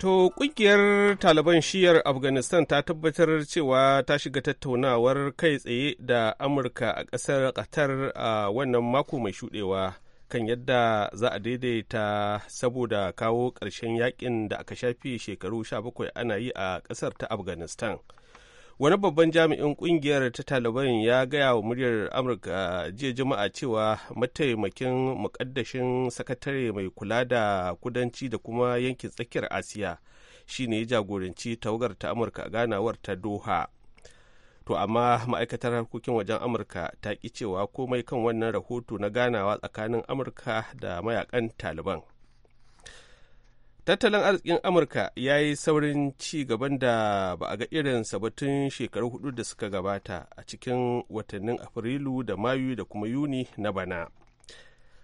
To ƙungiyar Taliban shiyar Afghanistan ta tabbatar cewa ta shiga tattaunawar kai tsaye da Amurka a ƙasar Qatar a wannan mako mai shuɗewa kan yadda za a daidaita saboda kawo ƙarshen yakin da aka shafi shekaru 17 ana yi a ƙasar ta Afghanistan. wani babban jami'in kungiyar ta taliban ya gaya wa muryar amurka jiya juma'a cewa mataimakin mukaddashin sakatare mai kula da kudanci da kuma yankin tsakiyar asiya shine ya jagoranci tawagar ta amurka a ganawar ta doha to amma ma'aikatar harkokin wajen amurka ta ki cewa komai kan wannan rahoto na ganawa tsakanin amurka da mayakan taliban tattalin arzikin amurka ya yi saurin ci gaban da ba a ga irinsa ba tun shekaru hudu da suka gabata a cikin watannin afrilu da mayu da kuma yuni na bana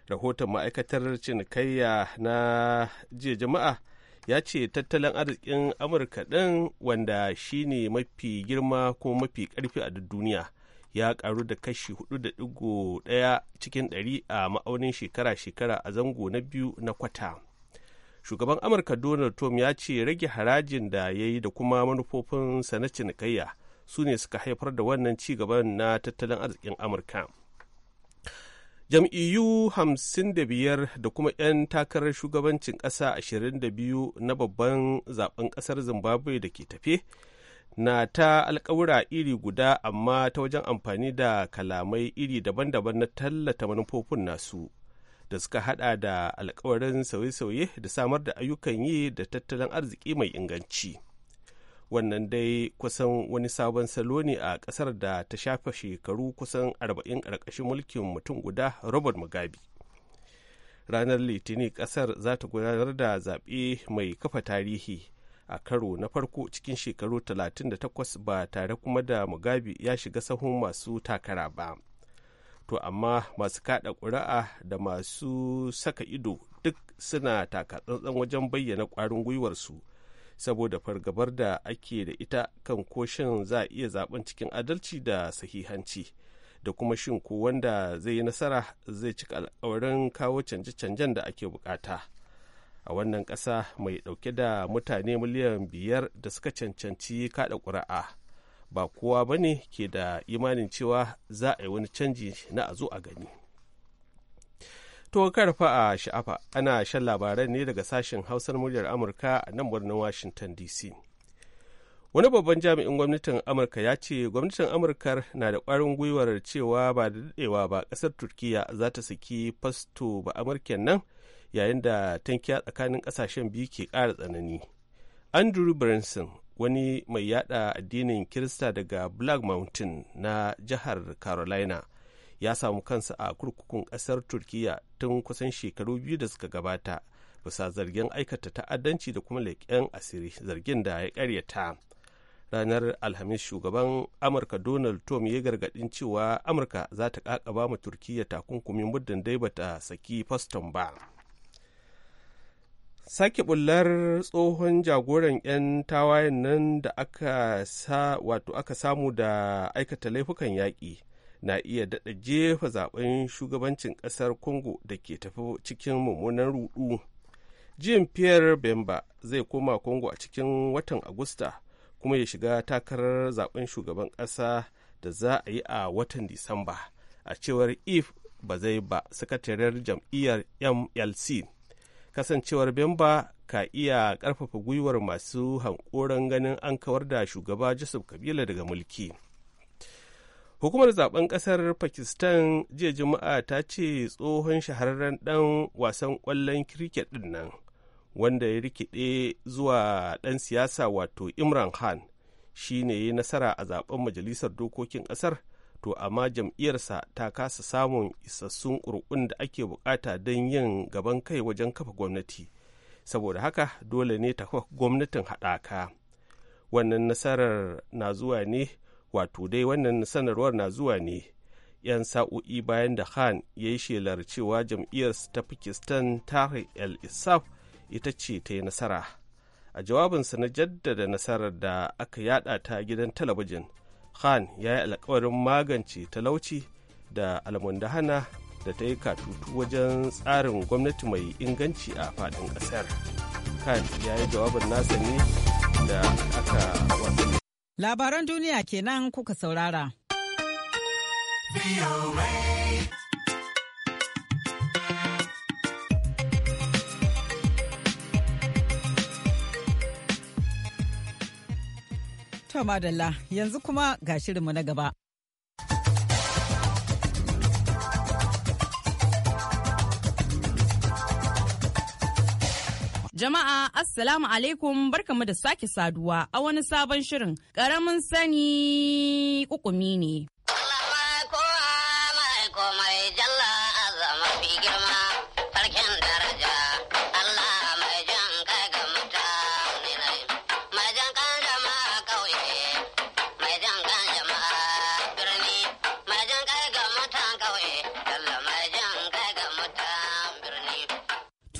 rahoton ma'aikatar cinikayya na jiya jama'a ya ce tattalin arzikin amurka ɗin wanda shine mafi girma kuma mafi karfi a duniya ya karu da kashi 4.1 cikin 100 a ma'aunin shekara-shekara a zango na biyu na kwata shugaban amurka donald trump ya ce rage harajin da ya yi da kuma manufofinsa na cinikayya su ne suka haifar da wannan ci gaban na tattalin arzikin amurka jam'iyyu 55 da kuma 'yan takarar shugabancin ƙasa 22 na babban zaben ƙasar zimbabwe da ke tafe na ta alkawura iri guda amma ta wajen amfani da kalamai iri daban-daban na tallata manufofin nasu da suka hada da alkawarin sauye-sauye da samar da ayyukan yi da tattalin arziki mai inganci wannan dai kusan wani sabon salo ne a kasar da ta shafe shekaru kusan 40 karkashin mulkin mutum guda robert mugabe ranar litinin kasar za ta gudanar da zaɓe mai kafa tarihi a karo na farko cikin shekaru 38 ba tare kuma da mugabe ya shiga sahun masu takara ba to amma masu kada ƙuri'a da masu saka ido duk suna takatsantsan wajen bayyana ƙwarin gwiwarsu saboda fargabar da ake da ita kan ko shin za a iya zaben cikin adalci da sahihanci da kuma shin ko wanda zai yi nasara zai cika alkawarin kawo canje-canjen da ake bukata a wannan ƙasa mai ɗauke da mutane miliyan biyar da suka cancanci kada ƙuri'a ba kowa ba ne ke da imanin cewa za a yi wani canji na a zo a gani to karfa a sha'afa ana shan labaran ne daga sashen hausar muryar amurka a nan birnin washington dc wani babban jami'in gwamnatin amurka ya ce gwamnatin amurka na da kwarin gwiwar cewa ba da daɗewa ba ƙasar turkiya za ta saki fasto ba amurka nan yayin da tankiya tsakanin ƙasashen biyu ke ƙara tsanani andrew branson wani mai yada addinin kirista daga black mountain na jihar carolina ya samu kansa a kurkukun kasar turkiya tun kusan shekaru biyu da suka gabata bisa zargin aikata ta'addanci da kuma leƙen asiri zargin da ya ƙaryata ranar alhamis shugaban amurka donald trump ya gargadin cewa amurka za ta kakaba ma turkiya takunkumin muddin dai bata saki faston ba sake bullar tsohon jagoran 'yan tawayen nan da aka sa wato aka samu da aikata laifukan yaƙi na iya daɗa jefa zaben shugabancin ƙasar congo da ke tafi cikin mummunan rudu jim pierre bemba zai koma congo a cikin watan agusta kuma ya shiga takarar zaben shugaban ƙasa da za a yi a watan disamba a cewar if ba zai ba sakatariyar jam'iyyar mlc kasancewar bemba ka iya karfafa gwiwar masu hankoron ganin an kawar da shugaba joseph kabila daga mulki hukumar zaben kasar pakistan jiya juma'a ta ce tsohon shahararren dan wasan kwallon kirket din nan wanda ya rikide zuwa dan siyasa wato imran khan shine ne ya nasara a zaben majalisar dokokin kasar to amma jam'iyyarsa ta kasa samun isassun ƙuri'un da ake bukata don yin gaban kai wajen kafa gwamnati saboda haka dole ne ta kafa gwamnatin haɗaka wannan nasarar na zuwa ne wato dai wannan sanarwar na zuwa ne 'yan sa'o'i bayan da khan ya yi shelar cewa jam'iyyar ta pakistan ta el isaf ita ce ta yi nasara a jawabinsa na jaddada nasarar da aka yada ta gidan talabijin khan ya yi alkawarin magance talauci da almundahana da ta yi katutu wajen tsarin gwamnati mai inganci a faɗin ƙasar khan ya yi jawabin nasa ne da aka wasu labaran duniya kenan kuka saurara. To madalla yanzu kuma ga shirinmu na gaba. Jama'a Assalamu alaikum barkamu da sake saduwa a wani sabon shirin ƙaramin sani ƙuƙumi ne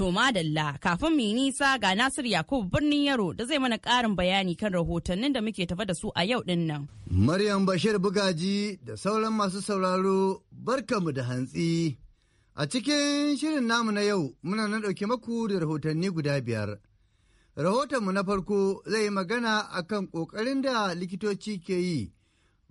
To madalla kafin mu yi nisa ga Nasir Yakubu birnin Yaro da zai mana ƙarin bayani kan rahotannin da muke tafa da su a yau din nan. Maryam Bashir Bugaji da sauran masu sauraro barkamu da hantsi. A cikin shirin namu na yau muna nan ɗauke maku da rahotanni guda biyar. Rahotonmu na farko zai yi magana akan ƙoƙarin da likitoci ke yi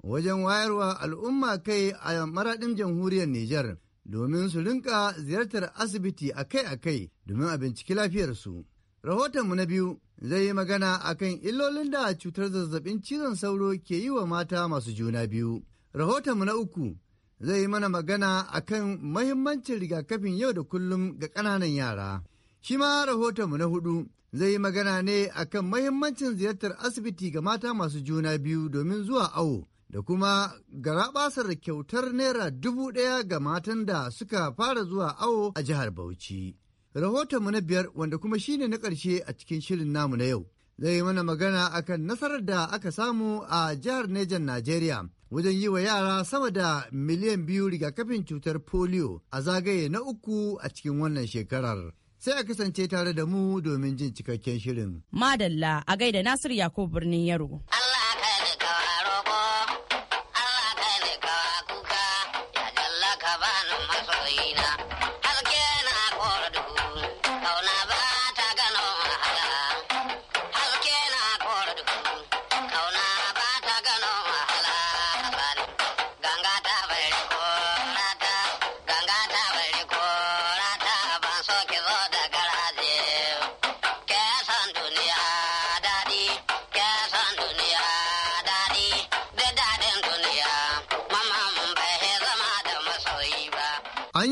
wajen wayarwa al'umma kai a maraɗin jamhuriyar Nijar. domin su rinka ziyartar asibiti akai-akai domin a binciki lafiyarsu. Rahotonmu na biyu zai yi magana akan illolin da cutar zazzabin cizon sauro ke yi wa mata masu juna biyu. Rahotonmu na uku zai yi mana magana akan mahimmancin rigakafin yau da kullum ga ƙananan yara. Shi ma rahotonmu na hudu zai yi magana ne akan mahimmancin ziyartar asibiti ga mata masu juna biyu domin zuwa awo. da kuma garabasar kyautar naira dubu ɗaya ga matan da suka fara zuwa awo a jihar Bauchi. Rahotonmu na biyar wanda kuma shine na ƙarshe a cikin shirin namu na yau. Zai mana magana akan nasarar da aka samu a jihar Nejan Najeriya wajen yi wa yara sama da miliyan biyu rigakafin cutar polio a zagaye na uku a cikin wannan shekarar. sai a kasance tare da mu domin jin cikakken shirin. Madalla a gaida Nasiru Yakubu birnin Yaro. Allah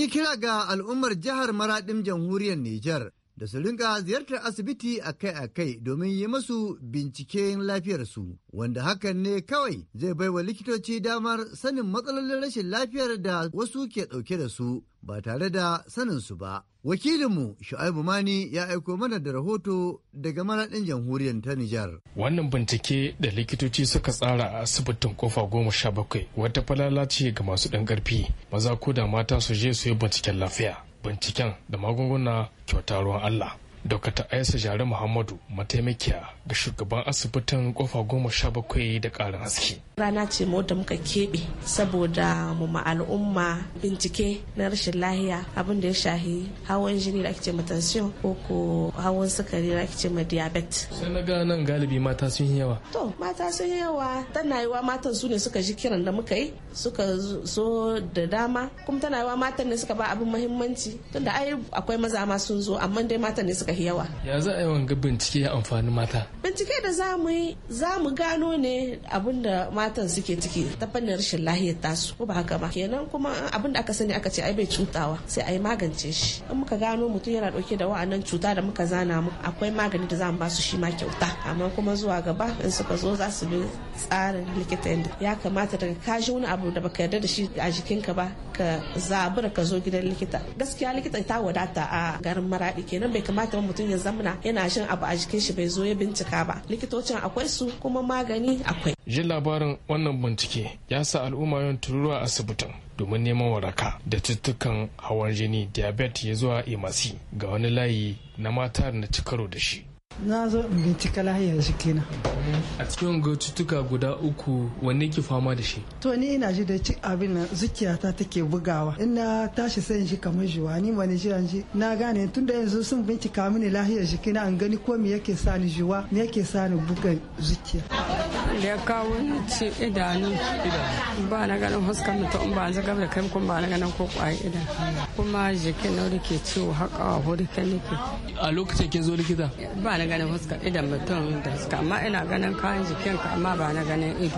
yi kira ga al'ummar jihar Maraɗin jamhuriyar Nijar da su rinka ziyartar asibiti akai-akai domin yi masu binciken lafiyarsu wanda hakan ne kawai zai baiwa likitoci damar sanin matsalolin rashin lafiyar da wasu ke ɗauke da su ba tare da saninsu ba. Wakilinmu Shu'aibu Mani ya aiko mana da rahoto daga maraɗin jamhuriyar ta Nijar. Wannan bincike da likitoci suka tsara a asibitin kofa goma sha bakwai wata falala ce ga masu ɗan ƙarfi maza ko da mata su je su yi binciken lafiya. Binciken da magunguna kyauta ruwan Allah. Dr. Aisha Jare Muhammadu mataimakiya ga shugaban asibitin kofa goma sha bakwai da karin haske. Rana ce mu da muka keɓe saboda mu al'umma bincike na rashin lahiya abin da ya shahi hawan jini da ake ce matansiyon ko ko hawan sukari da ake ce ma diabetes. Sai na ga nan galibi mata sun yi yawa. To mata sun yi yawa tana yiwa matan su ne suka ji kiran da muka yi suka zo da dama kuma tana yiwa matan ne suka ba abin muhimmanci tunda ai akwai maza ma sun zo amma dai matan ne suka da yawa ya za a yi wanga bincike ya amfani mata bincike da za mu yi za mu gano ne abin da matan suke ciki ta fannin rashin lahiyar tasu ko ba haka ba kenan kuma abin da aka sani aka ce ai bai cutawa sai a yi magance shi in muka gano mutum yana dauke da wa'annan cuta da muka zana mu akwai magani da za mu ba su shi ma kyauta amma kuma zuwa gaba in suka zo za su bi tsarin likita yadda ya kamata daga kashi wani abu da baka yarda da shi a jikinka ba ka zabura ka zo gidan likita gaskiya likita ta wadata a garin maradi kenan bai kamata mutum ya zamana yana shan abu a jikin shi bai zo ya bincika ba likitocin akwai su kuma magani akwai jin labarin wannan bincike ya sa al'umma yin tururuwa asibitin domin neman waraka da cututtukan hawan jini diabetes ya zuwa emasi ga wani layi na mata na ci karo da shi na zo in bincika lahiyar shi kenan a cikin cutuka guda uku wanne ke fama da shi to ni ina ji da ci abin na zukiyata take bugawa ina tashi sayin shi kamar juwa ni ba ni jiran shi na gane tun da yanzu sun bincika mini lahiyar shi kenan an gani ko me yake sa ni juwa me yake sa ni buga zuciya ya kawo ni ci idanu ba na ganin huskar mutum in ba an zaga da kai kuma ba na ganin ko kwaye idan kuma jikin na ke ciwo haka wa kai nake a lokacin kin zo likita ba na ganin fuskar idan mutum da fuska amma ina ganin kayan jikin ka amma ba na ganin ido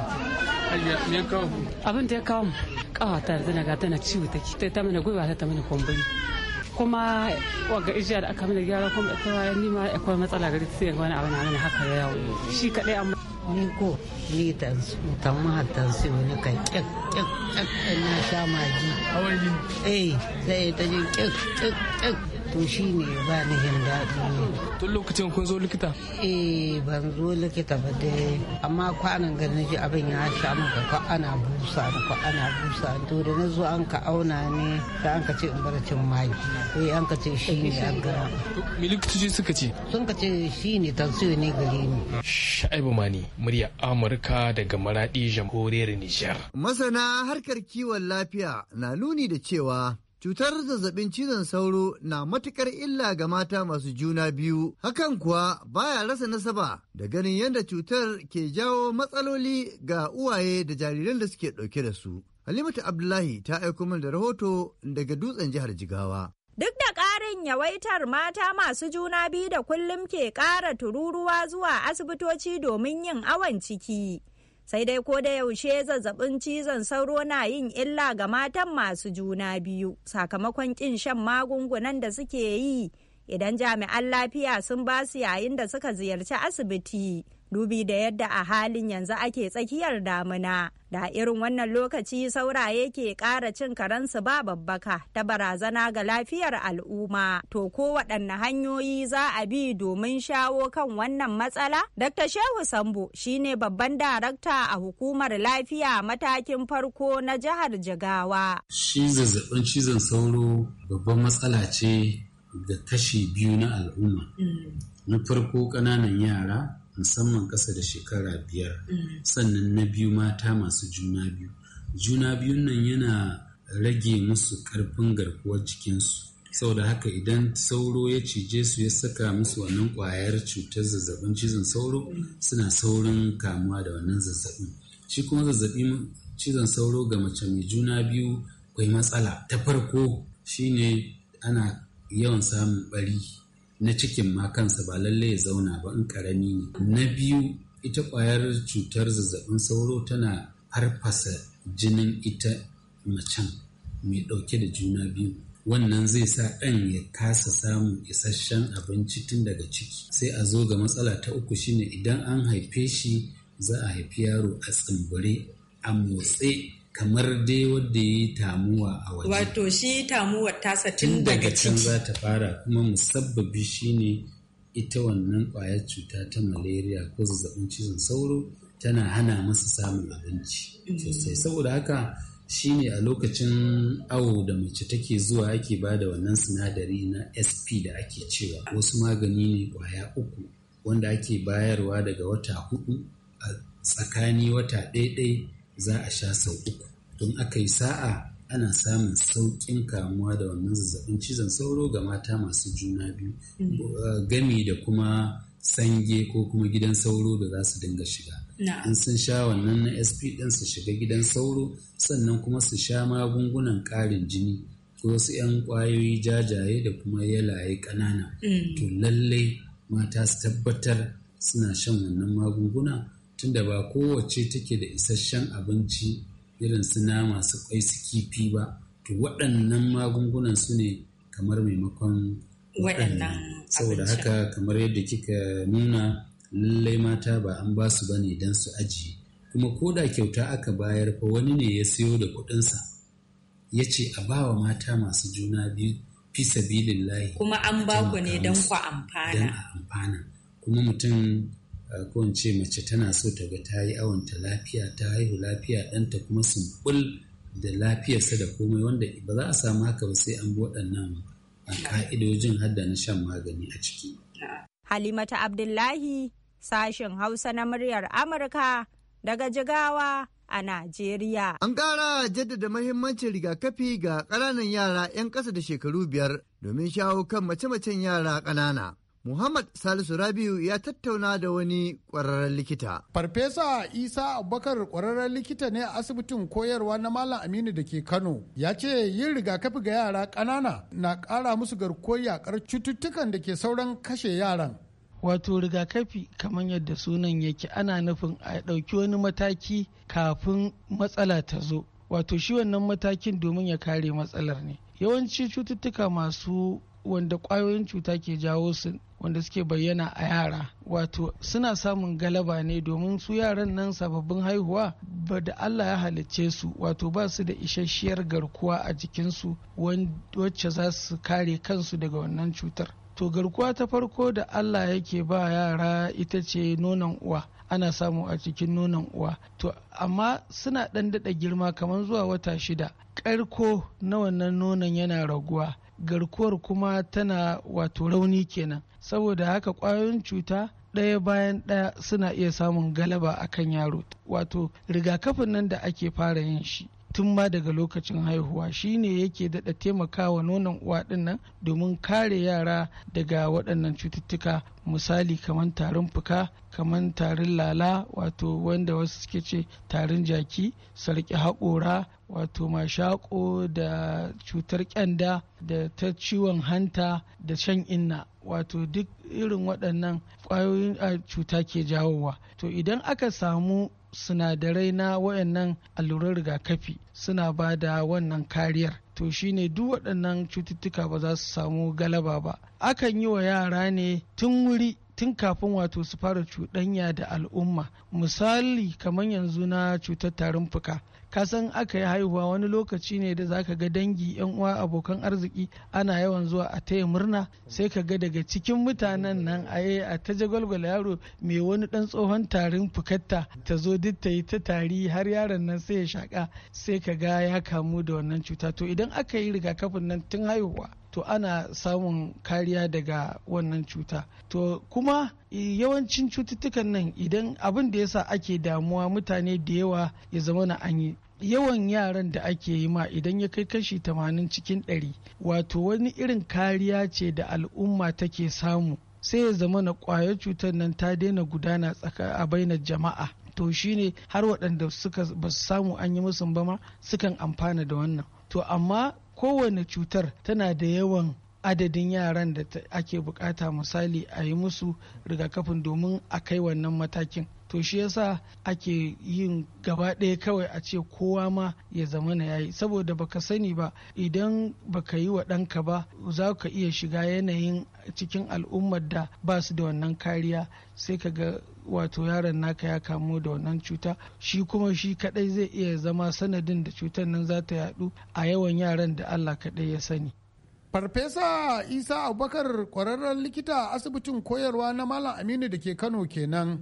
abin da ya kawo kawa ta zina ga tana ciwo take ta mana gwiwa ta ta mana kumburi kuma waga ijiya da aka mana gyara kuma ita ya nima akwai matsala gari ta sai wani abu na mana haka ya yawo shi kadai amma ni ko ni eh, ta tamma tansu wani kan kyek kyek kyek na sha maji eh sai ta ji kyek kyek kyek to shi ne ba ni yin daɗi tun lokacin kun zo likita eh ban zo likita ba dai amma kwanan ga ji abin ya sha maka ko ana busa ni ko ana busa to da na zo an ka auna ne ta an ka ce in bar cin magi eh an ka ce shi ne an gara me ji suka ce sun ka ce shi ne tansiyo ne gare ni sha'ibu mani murya amurka daga maradi jamhuriyar nijar masana harkar kiwon lafiya na nuni da cewa Cutar zazzabin cizon sauro na matukar illa ga mata masu juna biyu, hakan kuwa baya rasa nasaba da ganin yadda cutar ke jawo matsaloli ga uwaye da jariran da suke ɗauke da su. Halimatu Abdullahi ta aiko min da rahoto daga dutsen jihar Jigawa. Duk da ƙarin yawaitar mata masu juna biyu da kullum ke ƙara tururuwa zuwa asibitoci domin yin awon ciki. sai dai ko da yaushe zazzabin cizon sauro na yin illa ga matan masu juna biyu sakamakon kin shan magungunan da suke yi idan jami'an lafiya sun ba su yayin da suka ziyarci asibiti dubi da yadda a halin yanzu ake tsakiyar damuna da irin wannan lokaci sauraye ke ƙara cin karensu ba babbaka ta barazana ga lafiyar al'umma to ko waɗanne hanyoyi za a bi domin shawo kan wannan matsala dr shehu sambo shine babban darakta a hukumar lafiya matakin farko na jihar jigawa shi zazzabin cizon sauro babban matsala ce ga kashi biyu na al'umma mm. na farko ƙananan yara musamman ƙasa da shekara biyar mm. sannan na biyu mata masu juna biyu juna biyun nan yana rage musu ƙarfin garkuwar jikinsu saboda haka idan sauro ya cije su ya saka musu wannan ƙwayar cutar zazzabin cizon sauro mm. suna saurin kamuwa da wannan zazzabin shi kuma zazzabin cizon sauro ga mace mai juna biyu akwai matsala ta farko shine ana yawan samun ɓari na cikin ma kansa ba lallai ya zauna ba in karami ne na biyu ita kwayar cutar zazzabin sauro tana harfasa jinin ita macen mai ɗauke da juna biyu wannan zai sa ɗan ya kasa samun isasshen abinci tun daga ciki sai a zo ga matsala ta uku shine idan an haife shi za a haifi yaro a tsimbire, a motse kamar dai wadda ya yi tamuwa a waje. Wato shi tamuwa tasa tun daga ciki. can za ta fara kuma musabbabi shine ita wannan ƙwayar cuta ta malaria ko zazzabin cizon sauro tana hana masa samun abinci mm. sosai saboda haka shine a lokacin awo da mace take zuwa ake ba da wannan sinadari na sp da ake cewa wasu magani ne kwaya uku wanda ake bayarwa daga wata hudu a tsakani wata ɗaiɗai za a sha sau uku don aka yi sa'a ana samun sauƙin kamuwa da wannan zazzabin cizon sauro ga mata masu juna biyu eh, gami da kuma sange ko kuma gidan sauro da za su dinga shiga in sun sha wannan na sp ɗin su shiga gidan sauro sannan kuma su sha magungunan ƙarin jini ko wasu 'yan ƙwayoyi jajaye da kuma yalaye ƙanana mm. to lallai mata su tabbatar suna shan wannan magunguna tunda ba kowace take da isasshen abinci irin su nama su kwai su kifi ba to waɗannan magungunan su ne kamar maimakon waɗannan saboda haka kamar yadda kika nuna lallai mata ba an ba su ba ne don su ajiye kuma ko da kyauta aka bayar fa wani ne ya sayo da kuɗinsa ya ce a ba wa mata masu juna biyu fi sabilillahi kuma an ba ku ne don ku amfana kuma mutum ko ce mace tana so ta ga ta yi awon ta lafiya ta haihu lafiya ɗanta kuma sumbul da lafiyarsa da komai wanda ba za a samu haka ba sai an bi waɗannan a ka'idojin har da na shan magani a ciki. Halimata Abdullahi sashen Hausa na muryar Amurka daga Jigawa a Najeriya. An ƙara jaddada mahimmancin rigakafi ga ƙananan yara 'yan ƙasa da shekaru biyar domin shawo kan mace-macen yara ƙanana. Muhammad Salisu Rabiu ya tattauna da wani ƙwararren likita. Farfesa Isa Abubakar ƙwararren likita ne a asibitin koyarwa na Malam Aminu da ke Kano. Ya ce yin rigakafi ga yara ƙanana na ƙara musu garkuwar yakar cututtukan da ke sauran kashe yaran. Wato rigakafi kamar yadda sunan yake ana nufin a ɗauki wani mataki kafin matsala ta zo. Wato shi wannan matakin domin ya kare matsalar ne. Yawanci cututtuka masu wanda kwayoyin cuta ke jawo su wanda suke bayyana a yara wato suna samun galaba ne domin su yaran nan sababbin haihuwa ba da allah ya halicce su wato ba su da isasshiyar garkuwa a jikinsu wacce za su kare kansu daga wannan cutar to garkuwa ta farko da allah yake ba yara ita ce nonon uwa ana samu a cikin nonon uwa to amma suna ɗan daɗa girma kamar zuwa wata shida ƙarko na wannan nonon yana raguwa garkuwar kuma tana wato rauni kenan saboda haka kwayoyin cuta ɗaya bayan ɗaya suna iya samun galaba akan yaro wato rigakafin nan da ake fara yin shi tun ma daga lokacin haihuwa shine yake daɗa taimakawa nonon uwa ɗinnan domin kare yara daga waɗannan cututtuka misali kamar tarin fuka kamar tarin lala wato wanda wasu suke ce tarin jaki sarki haƙora wato mashaƙo da cutar ƙyanda da ta ciwon hanta da shan inna wato duk irin waɗannan ƙwayoyin cuta ke jawowa to idan aka samu sinadarai na wayannan allurar rigakafi suna ba da wannan kariyar to shine duk waɗannan cututtuka ba za su samu galaba ba akan yi wa yara ne tun wuri tun kafin wato su fara cuɗanya da al'umma misali kamar yanzu na cutar tarin fuka ka san aka yi haihuwa wani lokaci ne da zaka ga dangi yan uwa abokan arziki ana yawan zuwa a taya murna sai ka ga daga cikin mutanen nan a yi a ta jagwalgwala yaro mai wani dan tsohon tarin fukatta ta zo duk ta yi ta tari har yaron nan sai ya shaka sai ka ga ya kamu da wannan cuta to idan aka yi rigakafin nan tun haihuwa to ana samun kariya daga wannan cuta to kuma yawancin cututtukan nan idan abin da yasa ake damuwa mutane da yawa ya zama na an yi yawan yaran da ake yi ma idan ya kai kashi tamanin cikin ɗari wato wani irin kariya ce da al'umma take samu sai ya zama na kwayar cutar nan ta daina gudana a bainar jama'a to shine har waɗanda suka ba su samu an yi musu ba ma sukan amfana da wannan to amma kowane cutar tana da yawan adadin yaran da ake bukata misali a yi musu rigakafin domin a kai wannan matakin to shi yasa ake yin gaba ɗaya kawai a ce kowa ma ya zama na yayi saboda baka sani ba idan baka yi wa ɗanka ba za ka iya shiga yanayin cikin al'ummar da ba su da wannan kariya sai ka ga wato yaron naka ya kamu da wannan cuta shi kuma shi kadai zai iya zama sanadin da cutar nan za ta yadu a yawan yaran da Allah kadai ya sani farfesa isa abubakar kwararren likita a asibitin koyarwa na malam aminu da ke kano kenan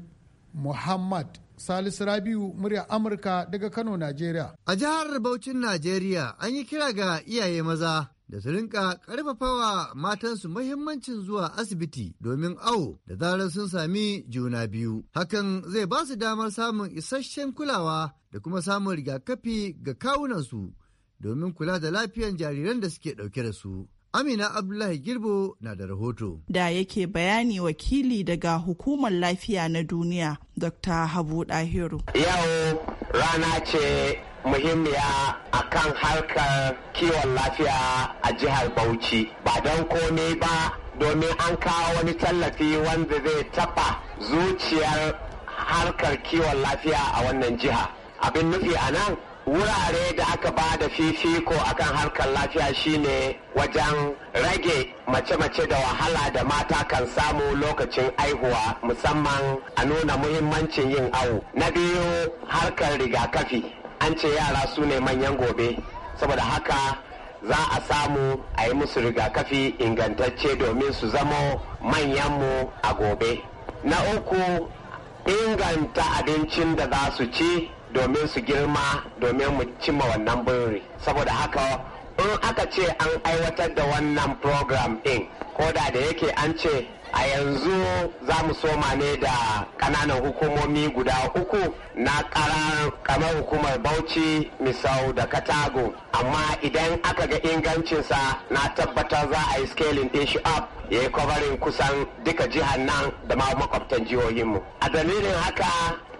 muhammad salisu rabiu murya amurka daga kano najeriya a jihar bauchin najeriya an yi kira ga iyaye maza da su rinka ƙarfafawa matansu mahimmancin zuwa asibiti domin awo da zarar sun sami juna biyu. Hakan zai ba su damar samun isasshen kulawa da kuma samun rigakafi ga kawunansu domin kula da lafiyan jariran da suke ɗauke da su. Amina Abdullahi Girbo na da rahoto. Da yake bayani wakili daga Hukumar Lafiya na Duniya, Dr. Habu Dahiru. Yau rana ce muhimmiya a kan harkar kiwon lafiya a jihar Bauchi. Ba don komai ba domin an kawo wani tallafi wanda zai taɓa zuciyar harkar kiwon lafiya a wannan jiha. Abin nufi a nan wurare da aka ba da fifiko a kan harkar lafiya shine wajen rage mace-mace da wahala da mata kan samu lokacin aihuwa musamman a nuna muhimmancin yin awo na biyu harkar rigakafi an ce yara su ne manyan gobe saboda haka za a samu a yi musu rigakafi ingantacce domin su zamo manyanmu a gobe na uku inganta abincin da za su ci domin su girma domin mu cimma wannan buri saboda haka in aka ce an aiwatar da wannan program ɗin ko da da yake an ce a yanzu za mu soma ne da kananan hukumomi guda uku na karar kamar hukumar bauchi misau da katago amma idan aka ga ingancinsa na tabbatar za a yi scaling din shi up ya yi kwabarin kusan duka jihar nan da ma makwabtan jihohinmu a dalilin haka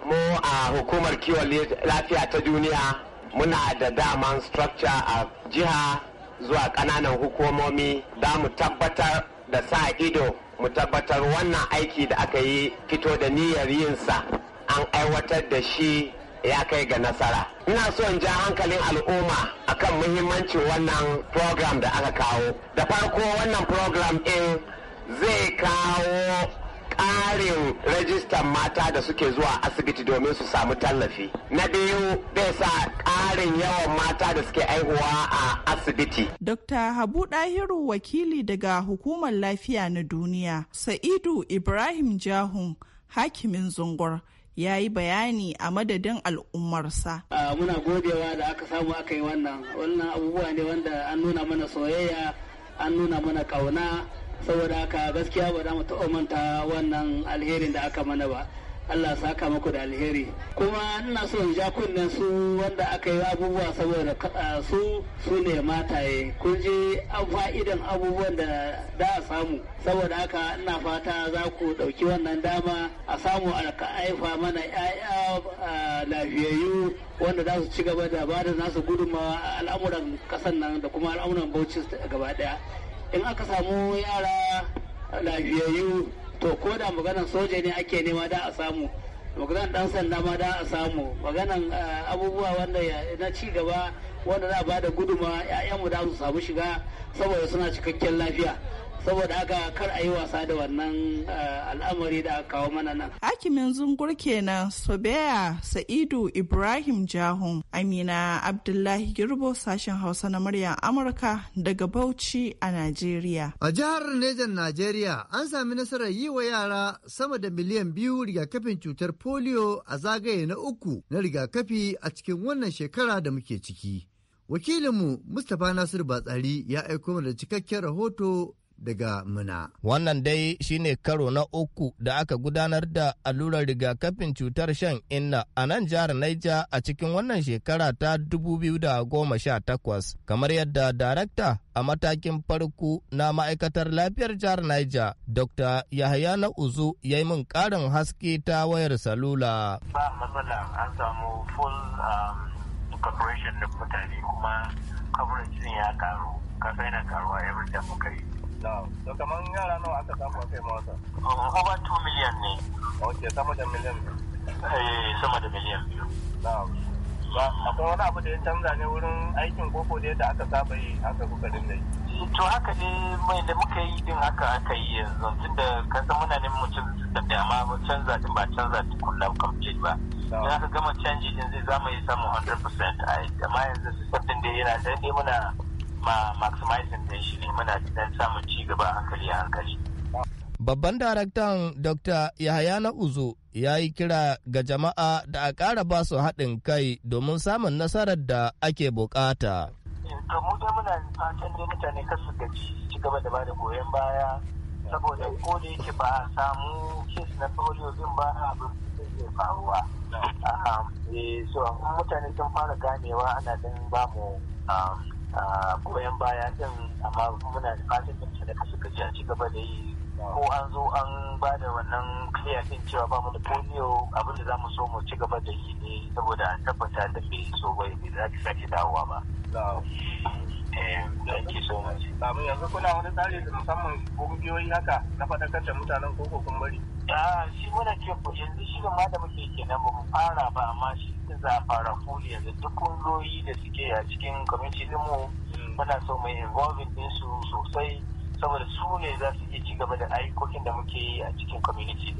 mu a hukumar kiwon lafiya ta duniya muna da daman structure a jiha zuwa kananan hukumomi da mu tabbatar da sa ido mu tabbatar wannan aiki da aka yi fito da niyyar yinsa an aiwatar da shi ya kai ga nasara. Ina so in ja hankalin al'umma akan muhimmancin wannan program da aka kawo. Da farko wannan program ɗin zai kawo ƙarin rajistan mata da suke zuwa asibiti domin su samu tallafi na biyu bai sa ƙarin yawan mata da suke aihuwa a asibiti dr habu dahiru wakili daga hukumar lafiya na duniya sa'idu ibrahim jahun hakimin zungur ya yi bayani a madadin al'ummarsa. muna godewa da aka samu aka yi wannan wannan abubuwa ne wanda an nuna mana soyayya an nuna mana kauna saboda haka gaskiya ba za mu taɓa manta wannan alherin da aka mana ba Allah saka muku da alheri kuma ina so in ja kunnen su wanda aka yi abubuwa saboda kada su su ne mataye kun ji an fa'idan abubuwan da da samu saboda haka ina fata za ku ɗauki wannan dama a samu a aifa mana 'ya'ya lafiyayyu wanda za su ci gaba da ba da nasu gudunmawa al'amuran ƙasar nan da kuma al'amuran bauchi gaba ɗaya in aka samu yara lafiyayyu to ko da maganan soja ne ake nema da a samu maganan dan sanda ma da a samu maganan eh, abubuwa wanda na ci gaba wanda za a bada guduma 'ya'yanmu da su samu shiga saboda suna cikakken lafiya saboda haka kar a yi wasa da wannan eh, al'amari da aka kawo mana nan. Hakimin zungur kenan Sobeya Sa'idu Ibrahim Jahun Amina Abdullahi Girbo sashen Hausa na murya Amurka daga Bauchi a Najeriya. A jihar Nejan Najeriya an sami nasarar yi wa yara sama da miliyan biyu rigakafin cutar polio a zagaye na uku na rigakafi a cikin wannan shekara da muke ciki. Wakilinmu Mustapha nasiru Batsari ya aiko mana cikakken rahoto daga muna. Wannan dai shine karo na uku da aka gudanar da allurar rigakafin cutar shan inna a nan jihar Naija a cikin wannan shekara ta 2018 kamar yadda darakta a matakin farko na ma'aikatar lafiyar jihar Naija Dr. Yahaya na Uzu ya yi min karin haske ta wayar salula. Ba matsala an samu full um, da mutane kuma coverage ya karu kasa yana karuwa every muka to kamar yara nawa aka samu a kai mawasa over 2 million ne eh? ok sama da miliyan eh sama da miliyan biyu akwai wani abu da ya canza ne wurin aikin koko da yadda aka saba yi haka kuka dinga yi to haka ne mai da muka yi din haka aka yi yanzu tunda ka san muna neman mutum da dama canza din ba canza din kullum complete ba idan aka gama canji din zai zama yi samu 100% a amma yanzu sissafin da yana da ne muna ma maximizing da shi ne muna dan samun ci gaba hankali hankali babban daraktan dr yahaya na uzo ya yi kira ga jama'a da a ƙara ba su haɗin kai domin samun nasarar da ake bukata. Eh, to mu dai muna fatan da mutane kasu su gaji ci gaba da bada goyon baya saboda ko da yake ba a samu kes na polio din ba abin da zai faruwa eh, so mutane sun fara ganewa ana dan ba mu ah, goyon baya din amma muna da fatan da da suka ci ci gaba da yi ko an zo an ba da wannan clear din cewa ba mu da polio abin da za mu so mu ci gaba da yi ne saboda an tabbata da bai so bai za ki sake dawowa ba. da eh, ake so babu yanzu kuna wani tsari da musamman kungiyoyi haka na faɗakar da mutanen koko kun bari a ah, shi muna ce ko yanzu shi ma da muke kenan ba mu fara ba amma shi za a fara kuli yanzu duk kungiyoyi da suke a cikin kwamiti mu hmm. muna so mai involving din su sosai saboda su ne za su iya ci gaba da ayyukokin da muke yi a cikin community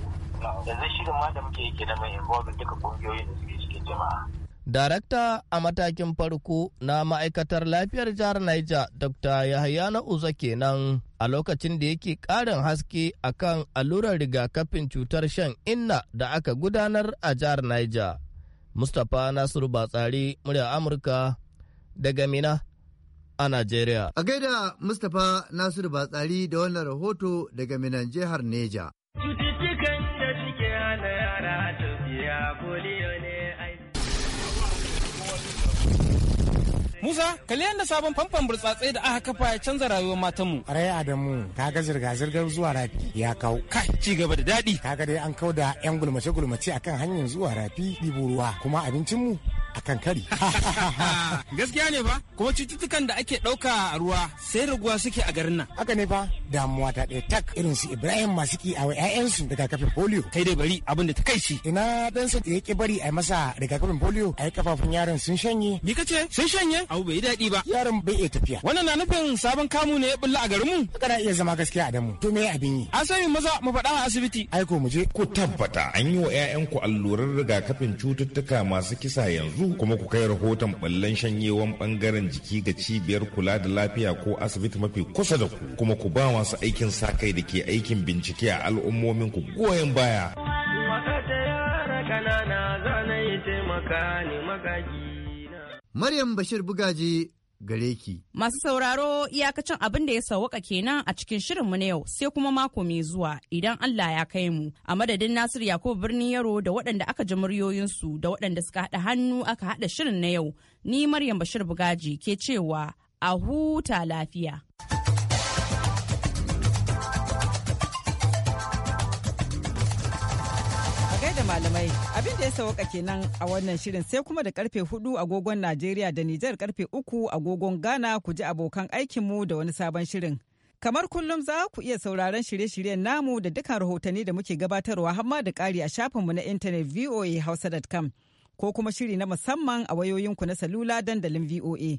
yanzu shirin ma da muke yi kenan mai involving duka kungiyoyin da suke cikin jama'a Darakta a matakin farko na ma'aikatar lafiyar jihar Niger, Dr. Yahaya na Uza kenan a lokacin da yake ƙarin haske akan allurar rigakafin cutar shan inna da aka gudanar a jihar Niger. Mustapha Nasiru Batsari, murya Amurka daga Mina a Najeriya. A gaida Mustapha Nasiru Batsari da wannan rahoto daga Minan jihar Niger. Musa, kalli yadda sabon famfon burtsatsai da aka kafa ya canza rayuwar matanmu. Rai Adamu, ga zirga-zirgar zuwa rafi ya kawo ka ci gaba da daɗi. ga dai an kau da 'yan gulmace-gulmace akan hanyar zuwa rafi ɗibo ruwa, kuma abincinmu a kan kari. Gaskiya ne fa, kuma cututtukan da ake ɗauka a ruwa sai raguwa suke a garin nan. Haka ne fa, damuwa ta ɗaya tak irin su Ibrahim masu ki a wa 'ya'yansu rigakafin polio. Kai dai bari abin da ta kai shi. Ina ɗan sa ya ke bari a masa rigakafin polio a yi kafafun yaron sun shanye. Ni ce sun shanye? Abu bai daɗi ba. Yaron bai iya tafiya. Wannan na nufin sabon kamu ne ya bulla a garin mu. Haka na iya zama gaskiya a damu. To me abin yi? An sami maza mu faɗa a asibiti. Aiko mu je. Ku tabbata an yi wa 'ya'yanku allurar rigakafin cututtuka masu kisa yanzu su kuma ku kai rahoton ɓallon shanyewan ɓangaren jiki ga cibiyar kula da lafiya ko asibiti mafi kusa da ku kuma ku ba masu aikin sa kai da ke aikin bincike a al'ummomin ku goyon baya. Maryam Bashir Bugaji gare ki. Masu sauraro iyakacin abin da ya sauwaka kenan a cikin shirinmu na yau sai kuma mako mai zuwa idan Allah ya kai mu. A madadin Nasir Yakubu birnin Yaro da waɗanda aka ji muryoyinsu da waɗanda suka haɗa hannu aka haɗa shirin na yau. Ni Maryam Bashir Bugaji ke cewa a huta lafiya. da malamai abin da ya sauka kenan a wannan shirin sai kuma da karfe 4 agogon Najeriya da Nijar karfe 3 agogon Ghana ku ji abokan aikinmu da wani sabon shirin. Kamar kullum za ku iya sauraron shirye-shiryen namu da dukkan rahotanni da muke gabatarwa hamma da ƙari a shafinmu na intanet voahausa.com ko kuma shiri na musamman a wayoyinku na salula dandalin VOA.